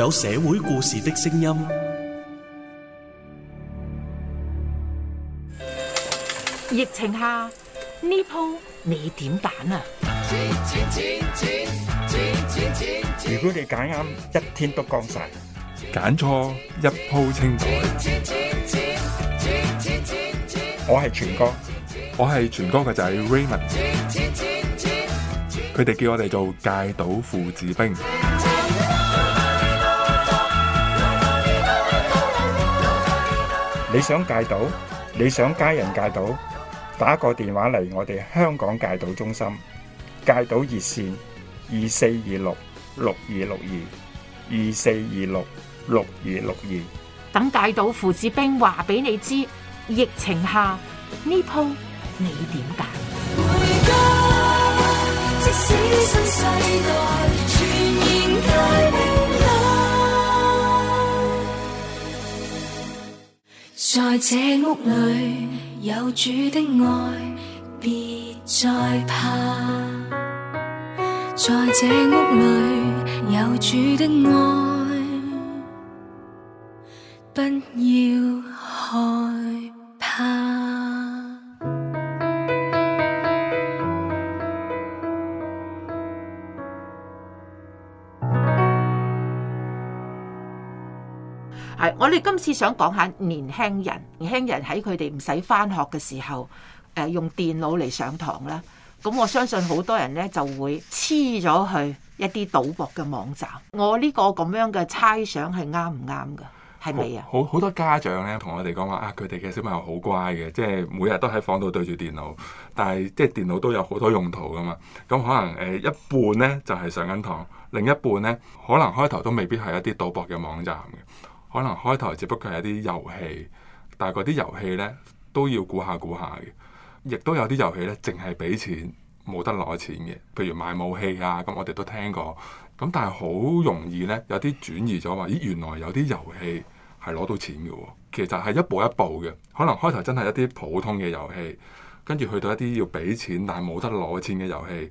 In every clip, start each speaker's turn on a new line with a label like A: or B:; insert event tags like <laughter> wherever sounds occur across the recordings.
A: 有社會故事的聲音。
B: 疫情
C: 下呢鋪你
A: 點揀啊？如果你揀啱，一天都光晒；
D: 揀錯一鋪清
E: 袋。我係全哥，
D: 我係全哥嘅仔
E: Raymond，
D: 佢哋叫我哋做戒賭父子兵。
A: 你想戒賭？你想家人戒賭？打個電話嚟我哋香港戒賭中心戒賭熱線二四二六六二六二二四二六六二六二。26, 26 2,
B: 26, 26等戒賭父子兵話俾你知，疫情下呢鋪你點
E: 揀？回家即使新世代
C: 在這屋裏有主的愛，別再怕。在這屋裏有主的愛，不要害。
B: 我哋今次想講下年輕人，年輕人喺佢哋唔使返學嘅時候，誒、呃、用電腦嚟上堂啦。咁我相信好多人咧就會黐咗去一啲賭博嘅網站。我呢個咁樣嘅猜想係啱唔啱㗎？係咪啊？
D: 好好多家長咧同我哋講話啊，佢哋嘅小朋友好乖嘅，即係每日都喺房度對住電腦。但係即係電腦都有好多用途㗎嘛。咁可能誒一半咧就係、是、上緊堂，另一半咧可能開頭都未必係一啲賭博嘅網站嘅。可能開頭只不過係一啲遊戲，但係嗰啲遊戲呢都要估下估下嘅，亦都有啲遊戲呢淨係俾錢冇得攞錢嘅，譬如買武器啊，咁我哋都聽過。咁但係好容易呢有啲轉移咗話，咦原來有啲遊戲係攞到錢嘅喎、哦，其實係一步一步嘅。可能開頭真係一啲普通嘅遊戲，跟住去到一啲要俾錢但係冇得攞錢嘅遊戲，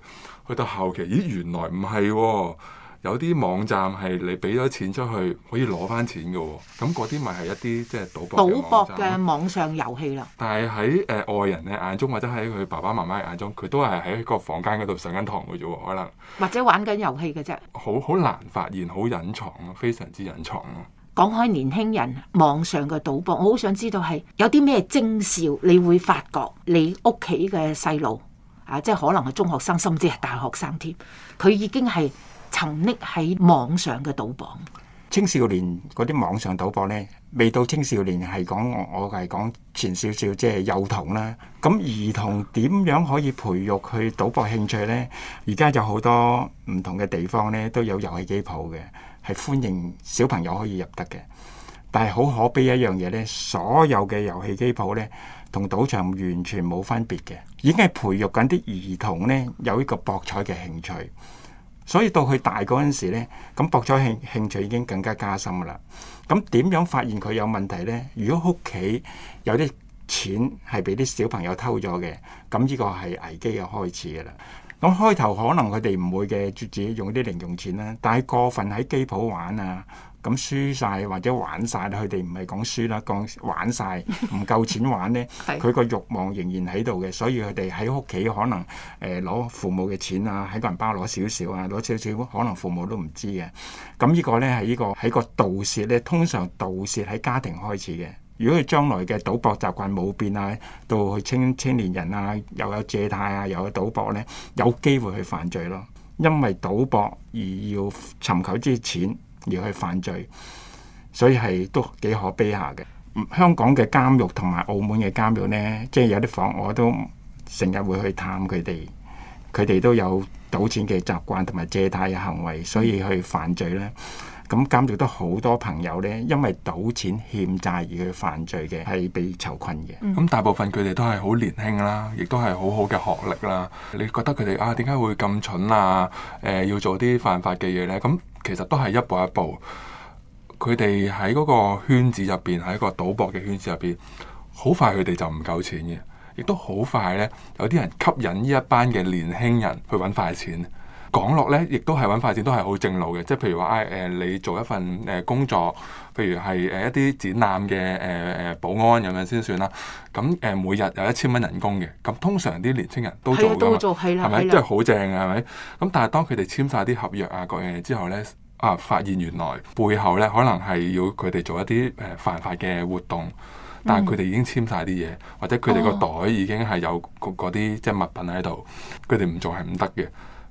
D: 去到後期咦原來唔係喎。有啲網站係你俾咗錢出去可以攞翻錢嘅喎、哦，咁嗰啲咪係一啲即係賭博嘅網，
B: 網上遊戲啦。
D: 但係喺誒外人嘅眼中或者喺佢爸爸媽媽眼中，佢都係喺一個房間嗰度上緊堂嘅啫喎，可能
B: 或者玩緊遊戲嘅啫。
D: 好好難發現，好隱藏咯，非常之隱藏咯。講開年輕人
B: 網上嘅賭博，我好想知道係有啲咩徵兆，你會發覺你屋企嘅細路啊，即係可能係中學生，甚至係大學生添，佢已經係。
A: 沉溺喺網上嘅賭博，青少年嗰啲網上賭博咧，未到青少年，係講我我係講前少少，即係幼童啦。咁兒童點樣可以培育去賭博興趣咧？而家就好多唔同嘅地方咧，都有遊戲機鋪嘅，係歡迎小朋友可以入得嘅。但係好可悲一樣嘢咧，所有嘅遊戲機鋪咧，同賭場完全冇分別嘅，已經係培育緊啲兒童咧，有一個博彩嘅興趣。所以到佢大嗰陣時呢，咁博彩興興趣已經更加加深噶啦。咁點樣發現佢有問題呢？如果屋企有啲錢係俾啲小朋友偷咗嘅，咁呢個係危機嘅開始嘅啦。咁開頭可能佢哋唔會嘅，自己用啲零用錢啦。但係過分喺機鋪玩啊！咁輸晒，或者玩晒，佢哋唔係講輸啦，講玩晒，唔夠錢玩呢。佢個欲望仍然喺度嘅，所以佢哋喺屋企可能誒攞、呃、父母嘅錢啊，喺個銀包攞少少啊，攞少少，可能父母都唔知嘅。咁呢個呢、這個，係呢個喺個盜竊呢，通常盜竊喺家庭開始嘅。如果佢將來嘅賭博習慣冇變啊，到去青青年人啊又有借貸啊，又有賭博呢，有機會去犯罪咯。因為賭博而要尋求啲錢。而去犯罪，所以係都幾可悲下嘅。香港嘅監獄同埋澳門嘅監獄呢，即係有啲房我都成日會去探佢哋，佢哋都有賭錢嘅習慣同埋借貸嘅行為，所以去犯罪呢。咁監獄都好多朋友呢，因為賭錢
D: 欠債而去犯罪嘅，係被囚困嘅、嗯。咁大部分佢哋都係好年輕啦，亦都係好好嘅學歷啦。你覺得佢哋啊，點解會咁蠢啊？呃，要做啲犯法嘅嘢呢？咁其實都係一步一步，佢哋喺嗰個圈子入邊，喺一個賭博嘅圈子入邊，好快佢哋就唔夠錢嘅，亦都好快呢。有啲人吸引呢一班嘅年輕人去搵快錢。講落咧，亦都係揾發展，都係好正路嘅。即係譬如話，誒，你做一份誒工作，譬如係誒一啲展覽嘅誒誒保安咁樣先算啦。咁誒，每日有一千蚊人工嘅。咁通常啲年輕人都做噶，係咪？即係好正嘅，係咪？咁但係當佢哋簽晒啲合約啊各樣嘢之後咧，啊，發現原來背後咧可能係要佢哋做一啲誒犯法嘅活動，但係佢哋已經簽晒啲嘢，或者佢哋個袋已經係有嗰啲即係物品喺度，佢哋唔做係唔得嘅。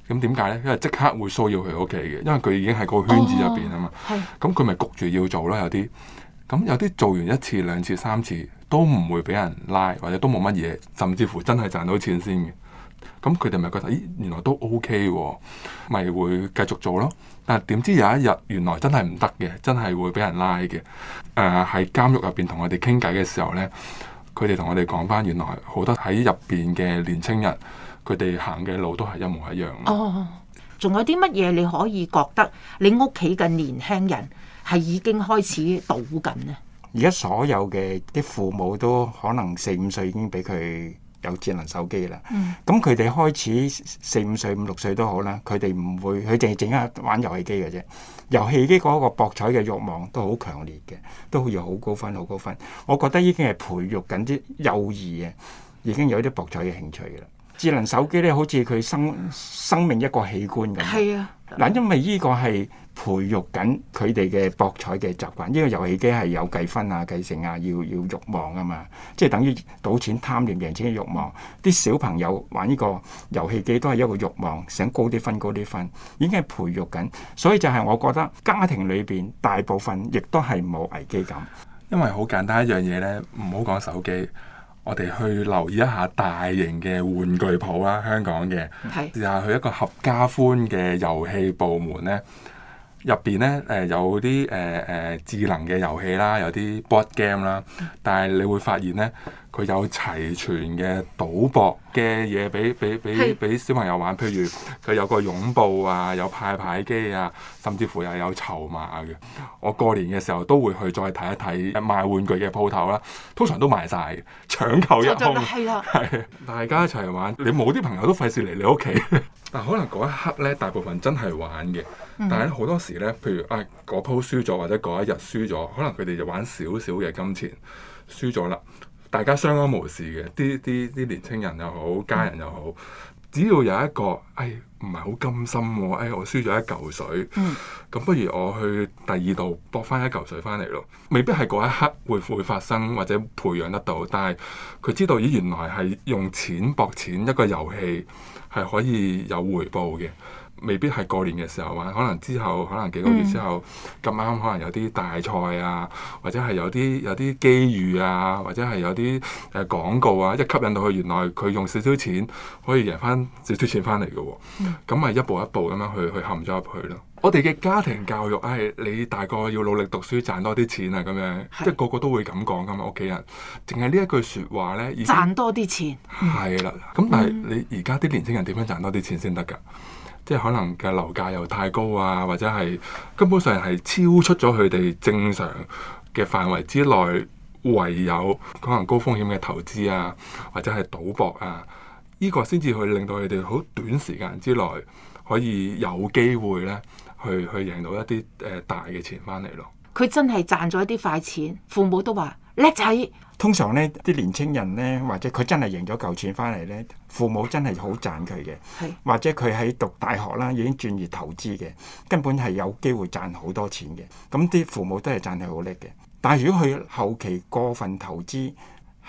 D: 咁點解呢？因為即刻會騷擾佢屋企嘅，因為佢已經喺個圈子入邊啊嘛。咁佢咪焗住要做咯，有啲咁、嗯、有啲做完一次、兩次、三次都唔會俾人拉，或者都冇乜嘢，甚至乎真係賺到錢先嘅。咁佢哋咪覺得咦，原來都 OK 喎，咪會繼續做咯。但係點知有一日原來真係唔得嘅，真係會俾人拉嘅。誒、呃、喺監獄入邊同我哋傾偈嘅時候呢，佢哋同我哋講返原來好多喺入邊嘅年青人。佢哋行嘅路都係一模一樣。哦，
B: 仲有啲乜嘢你可以覺得你屋企嘅年輕人係已經開始賭緊呢？
A: 而家所有嘅啲父母都可能四五歲已經俾佢有智能手機啦。嗯，咁佢哋開始四五歲、五六歲都好啦。佢哋唔會，佢淨係整下玩遊戲機嘅啫。遊戲機嗰個博彩嘅欲望都好強烈嘅，都要好高分、好高分。我覺得已經係培育緊啲幼兒呀，已經有啲博彩嘅興趣嘅啦。智能手機咧，好似佢生生命一個器官咁。係啊，嗱，因為呢個係培育緊佢哋嘅博彩嘅習慣。呢個遊戲機係有計分啊、計成啊，要要慾望啊嘛。即係等於賭錢、貪念贏錢嘅慾望。啲小朋友玩呢個遊戲機都係一個慾望，想高啲分、高啲分，已經係培育緊。所以就係我覺得家庭裏邊大部分亦都係冇危機感，
D: 因為好簡單一樣嘢咧，唔好講手機。我哋去留意一下大型嘅玩具鋪啦，香港嘅，又係是去一個合家歡嘅遊戲部門咧，入邊咧誒有啲誒誒智能嘅遊戲啦，有啲 board game 啦，但係你會發現咧。佢有齊全嘅賭博嘅嘢俾俾俾俾小朋友玩，譬如佢有個擁抱啊，有派牌機啊，甚至乎又有籌碼嘅、啊。我過年嘅時候都會去再睇一睇賣玩具嘅鋪頭啦，通常都賣晒，搶購一空。係的大家一齊玩，你冇啲朋友都費事嚟你屋企， <laughs> 但可能嗰一刻咧，大部分真係玩嘅。
A: 但係好
D: 多時咧，譬如啊嗰、哎、鋪輸咗，或者嗰一日輸咗，可能佢哋就玩少少嘅金錢，輸咗啦。大家相安無事嘅，啲啲年青人又好，家人又好，只要有一個，誒唔係好甘心喎、哎，我輸咗一嚿水，咁、嗯、不如我去第二度博翻一嚿水翻嚟咯，未必係嗰一刻會唔會發生或者培養得到，但係佢知道咦原來係用錢博錢一個遊戲係可以有回報嘅。未必係過年嘅時候啊，可能之後可能幾個月之後咁啱，可能、嗯、有啲大賽啊，或者係有啲有啲機遇啊，或者係有啲誒、呃、廣告啊，一吸引到佢，原來佢用少少錢可以贏翻少少錢翻嚟嘅喎，咁咪、嗯、一步一步咁樣去去陷咗入去咯。我哋嘅家庭教育，誒，你大個要努力讀書賺多啲錢啊，咁樣，是即係個個都會咁講噶嘛，屋企人，淨係呢一句説話呢，賺多啲錢，係、嗯、啦。咁、嗯嗯、但係你而家啲年輕人點樣賺多啲錢先得㗎？即係可能嘅樓價又太高啊，或者係根本上係超出咗佢哋正常嘅範圍之內，唯有可能高風險嘅投資啊，或者係賭博啊，呢個先至去令到佢哋好短時間之內可以有機會咧，去去贏到一啲誒大嘅錢翻嚟咯。
B: 佢真係賺咗一啲快錢，父母都話，叻仔，
A: 通常咧啲年青人咧，或者佢真係贏咗嚿錢翻嚟咧，父母真係好讚佢嘅，的或者佢喺讀大學啦，已經轉業投資嘅，根本係有機會賺好多錢嘅。咁啲父母都係讚佢好叻嘅，但係如果佢後期過分投資，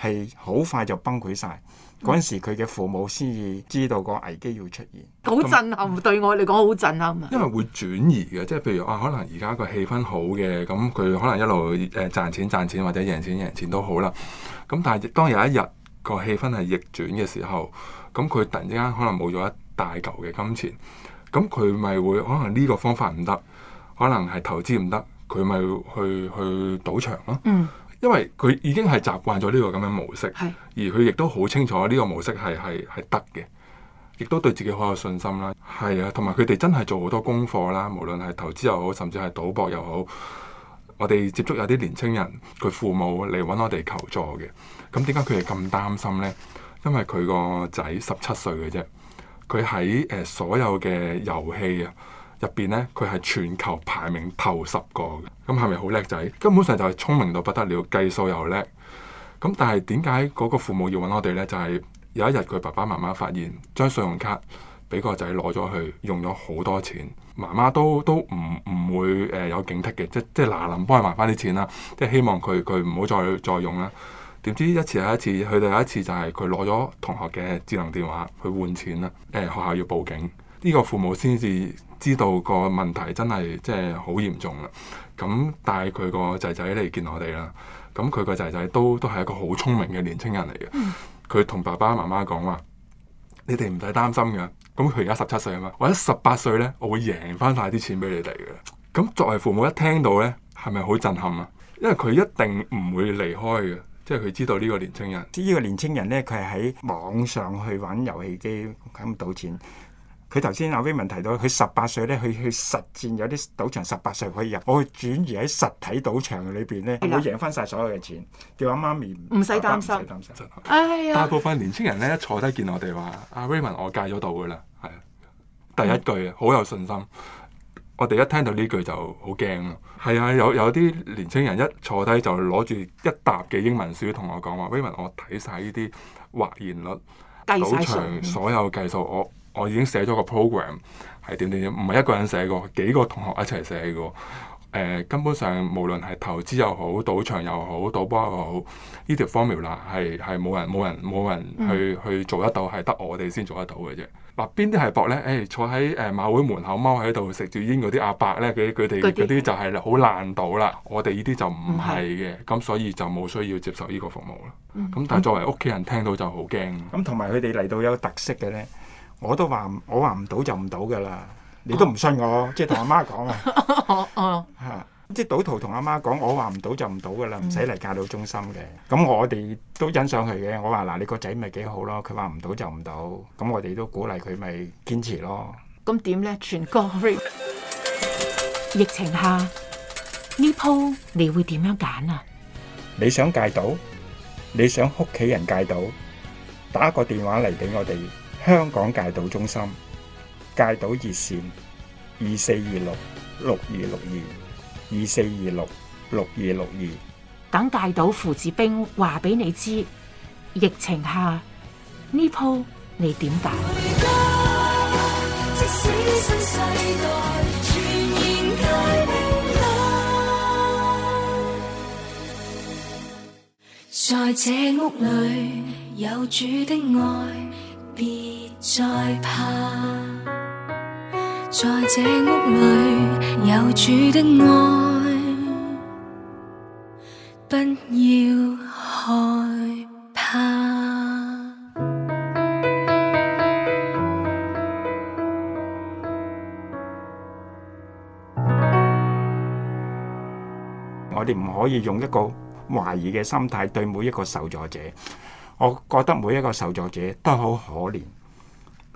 A: 係好快就崩潰晒。嗰陣時，佢嘅父母先知道個危機要出現，好震撼。嗯、對我嚟講，好震撼
D: 啊！因為會轉移嘅，即係譬如啊，可能而家個氣氛好嘅，咁佢可能一路誒、呃、賺錢賺錢或者贏錢贏錢都好啦。咁但係當有一日，個氣氛係逆轉嘅時候，咁佢突然之間可能冇咗一大嚿嘅金錢，咁佢咪會可能呢個方法唔得，可能係投資唔得，佢咪去去賭場咯。嗯。因為佢已經係習慣咗呢個咁嘅模式，的而佢亦都好清楚呢個模式係係係得嘅，亦都對自己好有信心啦。係啊，同埋佢哋真係做好多功課啦。無論係投資又好，甚至係賭博又好，我哋接觸有啲年青人，佢父母嚟揾我哋求助嘅。咁點解佢哋咁擔心呢？因為佢個仔十七歲嘅啫，佢喺、呃、所有嘅遊戲啊，入邊咧，佢係全球排名頭十個嘅，咁係咪好叻仔？根本上就係聰明到不得了，計數又叻。咁但係點解嗰個父母要揾我哋呢？就係、是、有一日佢爸爸媽媽發現將信用卡俾個仔攞咗去用咗好多錢，媽媽都都唔唔會誒、呃、有警惕嘅，即即嗱能嗱臨幫佢還翻啲錢啦，即，即希望佢佢唔好再再用啦。點知一次又一次，佢哋有一次就係佢攞咗同學嘅智能電話去換錢啦，誒、呃、學校要報警，呢、這個父母先至。知道個問題真係即係好嚴重啦，咁帶佢個仔仔嚟見我哋啦。咁佢個仔仔都都係一個好聰明嘅年青人嚟嘅。佢同、嗯、爸爸媽媽講話：你哋唔使擔心嘅。咁佢而家十七歲啊嘛，或者十八歲呢，我會贏翻晒啲錢俾你哋嘅。咁作為父母，一聽到呢，係咪好震撼啊？因為佢一定唔會離開嘅，即係佢知道呢個年青人。呢個年青人呢，佢係喺
A: 網上去玩遊戲機咁賭錢。佢頭先阿 Raymond 提到，佢十八歲咧，佢去實戰有啲賭場十八歲可以入，我去轉移喺實體賭場裏邊咧，我的贏翻晒
D: 所有嘅錢，叫阿媽咪唔使擔
B: 心，唔使擔心。
D: 啊、大部分年青人咧坐低見我哋話：阿 Raymond 我戒咗賭噶啦。係啊，第一句啊，好、嗯、有信心。我哋一聽到呢句就好驚咯。係啊，有有啲年青人一坐低就攞住一沓嘅英文書同我講話 Raymond 我睇晒呢啲或然率
A: 賭場所
D: 有計數我。嗯我已經寫咗個 program，係點點點，唔係一個人寫過，幾個同學一齊寫過。誒、呃，根本上無論係投資又好，賭場又好，賭波又好，呢條 formula 係係冇人冇人冇人去去做得到，係得我哋先做得到嘅啫。嗱、啊，邊啲係博咧？誒、哎，坐喺誒馬會門口踎喺度食住煙嗰啲阿伯咧，佢佢哋嗰啲就係好爛賭啦。我哋呢啲就唔係嘅，咁所以就冇需要接受呢個服務啦。咁、嗯嗯、但係作為屋企人聽到就好驚。咁同埋佢哋
A: 嚟到有，有特色嘅咧。我都話唔，我話唔賭就唔賭噶啦。你都唔信我，即係同阿媽講啊。哦哦，係，即係賭徒同阿媽講，我話唔賭就唔賭噶啦，唔使嚟戒賭中心嘅。咁我哋都欣賞佢嘅。我話嗱，你個仔咪幾好咯。佢話唔賭就唔賭，咁我哋都鼓勵佢咪堅持咯。
B: 咁點咧？全國疫情下呢鋪你會點樣揀啊？
A: 你想戒賭？你想屋企人戒賭？打個電話嚟俾我哋。香港戒賭中心戒賭熱線：二四二六六二六二二四二六六二六二。
B: 等戒賭父子兵話俾你知，疫情下呢鋪你點打？
C: 在這屋裏有主的愛。別再怕，在這屋裏有主的愛，不要害怕。
A: 我哋唔可以用一個懷疑嘅心態對每一個受助者。我覺得每一個受助者都好可憐，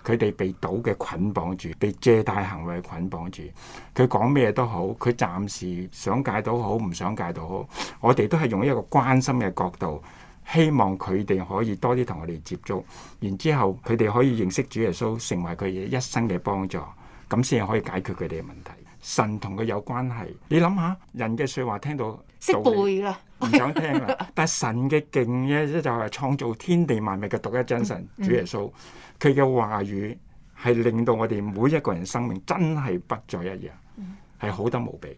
A: 佢哋被賭嘅捆綁住，被借貸行為捆綁住。佢講咩都好，佢暫時想戒到好，唔想戒到好。我哋都係用一個關心嘅角度，希望佢哋可以多啲同我哋接觸，然之後佢哋可以認識主耶穌，成為佢一生嘅幫助，咁先可以解決佢哋嘅問題。神同佢有關係，你諗下，人嘅説話聽到識
B: 背啦。唔
A: 想 <laughs> 聽啦，但係神嘅勁咧，就係、係、創造天地萬物嘅獨一真神 <noise> 主耶穌，佢嘅話語係令到我哋每一個人生命真係不再一樣，係好得無比。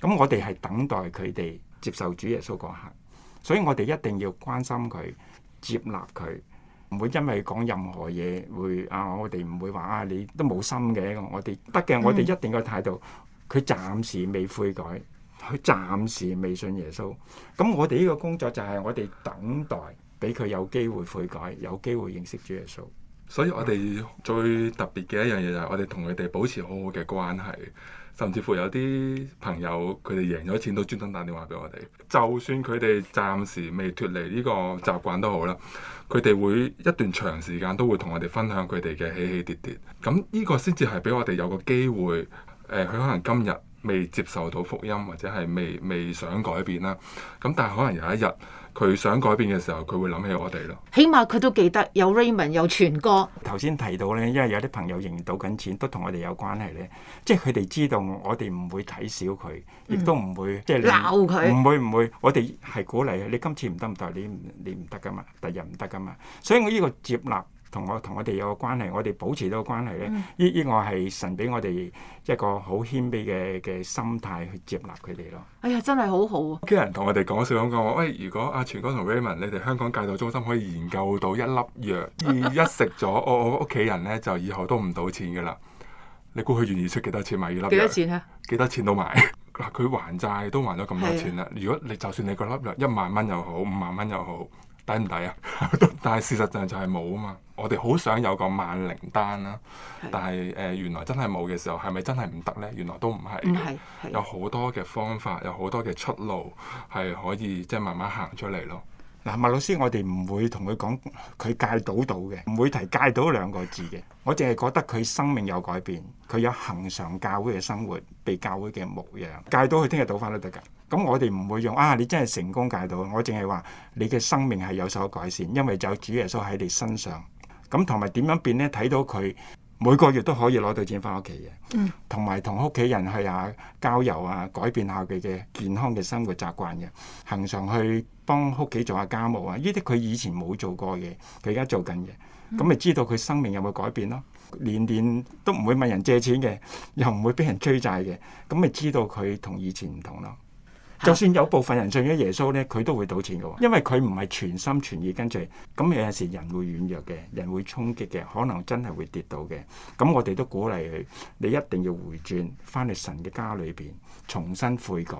A: 咁我哋係等待佢哋接受主耶穌嗰刻，所以我哋一定要關心佢接納佢，唔會因為講任何嘢會啊，我哋唔會話啊，你都冇心嘅，我哋得嘅，我哋一定嘅態度，佢暫時未悔改。佢暫時未信耶穌，咁我哋呢個工作就係我哋等待，俾佢有機會悔改，有機會認識主耶穌。
D: 所以我哋最特別嘅一樣嘢就係我哋同佢哋保持好好嘅關係，甚至乎有啲朋友佢哋贏咗錢都專登打電話俾我哋，就算佢哋暫時未脫離呢個習慣都好啦，佢哋會一段長時間都會同我哋分享佢哋嘅起起跌跌。咁呢個先至係俾我哋有個機會，佢、呃、可能今日，未接受到福音或者係未未想改變啦，咁但係可能有一日佢想改變嘅時候，佢會諗起我哋咯。
B: 起碼佢都記得，有 Raymond 有全哥。
A: 頭先提到咧，因為有啲朋友贏到緊錢，都同我哋有關係咧，即係佢哋知道我哋唔會睇小佢，亦、嗯、都唔會、嗯、即係鬧佢，唔他會唔會，我哋係鼓勵你今次唔得唔得，你唔你唔得㗎嘛，第日唔得㗎嘛，所以我呢個接納。同我同我哋有個關係，我哋保持到個關係咧，依依個係神俾我哋一個好
D: 謙卑嘅嘅心態去接納佢哋咯。
B: 哎呀，真係好好！
A: 啊！
D: 屋企人同我哋講笑咁講話，喂，如果阿全哥同 Raymond，你哋香港戒毒中心可以研究到一粒藥， <laughs> 一食咗，我我屋企人咧就以後都唔賭錢噶啦。你估佢願意出幾多錢買一粒藥？幾多錢咧、啊？幾多錢都買嗱！佢 <laughs> 還債都還咗咁多錢啦。的如果你就算你個粒藥一萬蚊又好，五萬蚊又好。抵唔抵啊？划划 <laughs> 但係事實上就係冇啊嘛。我哋好想有個萬靈丹啦，是但係誒、呃、原來真係冇嘅時候，係咪真係唔得咧？原來都唔係，有好多嘅方法，有好多嘅出路係可以即係、就是、慢慢行出嚟咯。
A: 嗱，麥老師，我哋唔會同佢講佢戒賭到嘅，唔會提戒賭兩個字嘅。我淨係覺得佢生命有改變，佢有恒常教會嘅生活，被教會嘅模樣戒賭，佢聽日賭返都得㗎。咁我哋唔會用啊！你真係成功戒到，我淨係話你嘅生命係有所改善，因為就有主耶穌喺你身上。咁同埋點樣變咧？睇到佢每個月都可以攞到錢返屋企嘅，同埋同屋企人去啊郊遊啊，改變下佢嘅健康嘅生活習慣嘅，恆常去幫屋企做下家務啊。呢啲佢以前冇做過嘅，佢而家做緊嘅，咁咪知道佢生命有冇改變咯？年年都唔會問人借錢嘅，又唔會俾人追債嘅，咁咪知道佢同以前唔同咯。啊、就算有部分人信咗耶穌咧，佢都會賭錢嘅喎，因為佢唔係全心全意跟住。咁有陣時人會軟弱嘅，人會衝擊嘅，可能真係會跌倒嘅。咁我哋都鼓勵佢，你一定要回轉翻去神嘅家裏邊，重新悔改，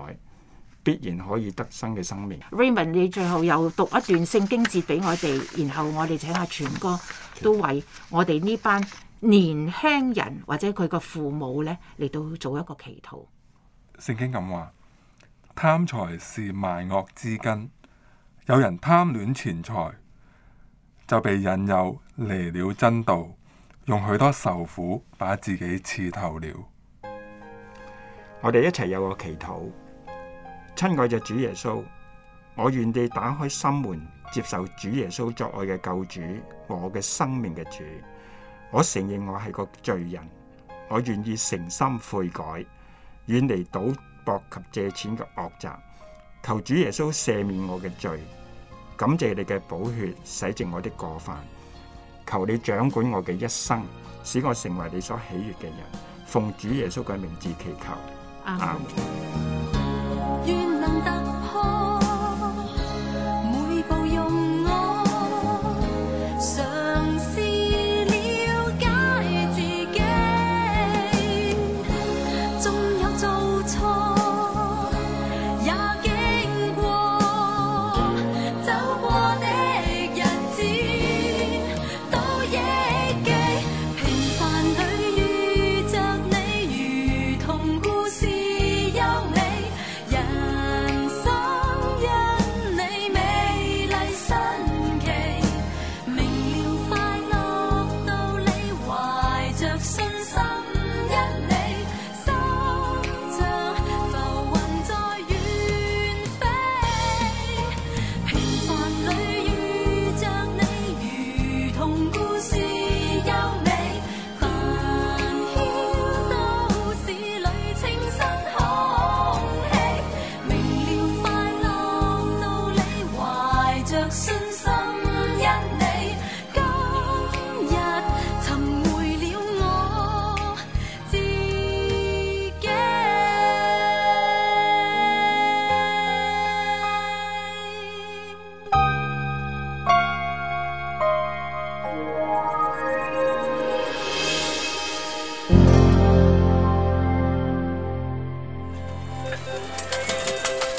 A: 必然可以得生嘅生命。
B: Raymond，你最後又讀一段聖經節俾我哋，然後我哋請下全哥都為我哋呢班年輕人或者佢個父母咧嚟到做一
D: 個祈禱。聖經咁話。貪財是萬惡之根，有人貪戀錢財，就被引誘離了真道，用許多愁苦把自己刺透了。
A: 我哋一齊有個祈禱，親愛嘅主耶穌，我願意打開心門，接受主耶穌作我嘅救主，我嘅生命嘅主。我承認我係個罪人，我願意誠心悔改，遠離賭博及借錢嘅惡習，求主耶穌赦免我嘅罪，感謝你嘅寶血洗淨我的過犯，求你掌管我嘅一生，使我成為你所喜悦嘅人，奉主耶穌嘅名字祈求。阿
E: 門。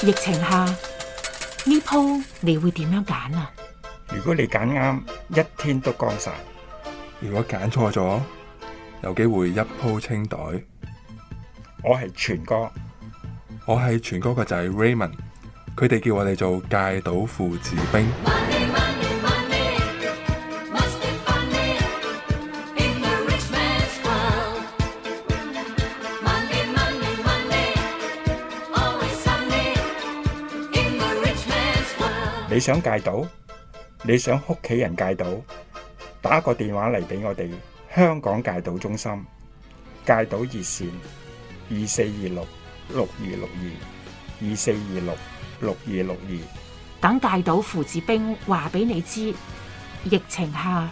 B: 疫情下呢鋪你會點樣揀啊？
D: 如果你揀啱，一天都乾晒；如果揀錯咗，有機會一鋪清袋。我係全哥，我係全哥個仔 Raymond，佢哋叫我哋做戒賭父子兵。 <noise>
A: 你想戒賭？你想屋企人戒賭？打個電話嚟俾我哋香港戒賭中心戒賭熱線二四二六六二六二二四二六六二六二，
B: 等戒賭父子兵話俾你知，疫情下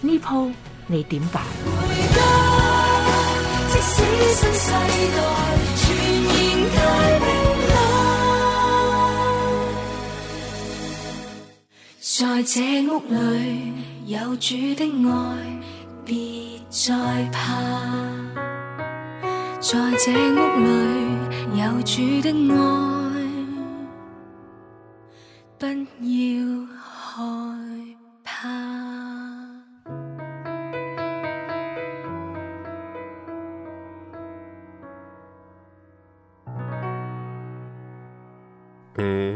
B: 呢鋪你點
E: 辦？
C: 在這屋裏有主的愛，別再怕。在這屋裏有主的愛，不要害怕。
E: 嗯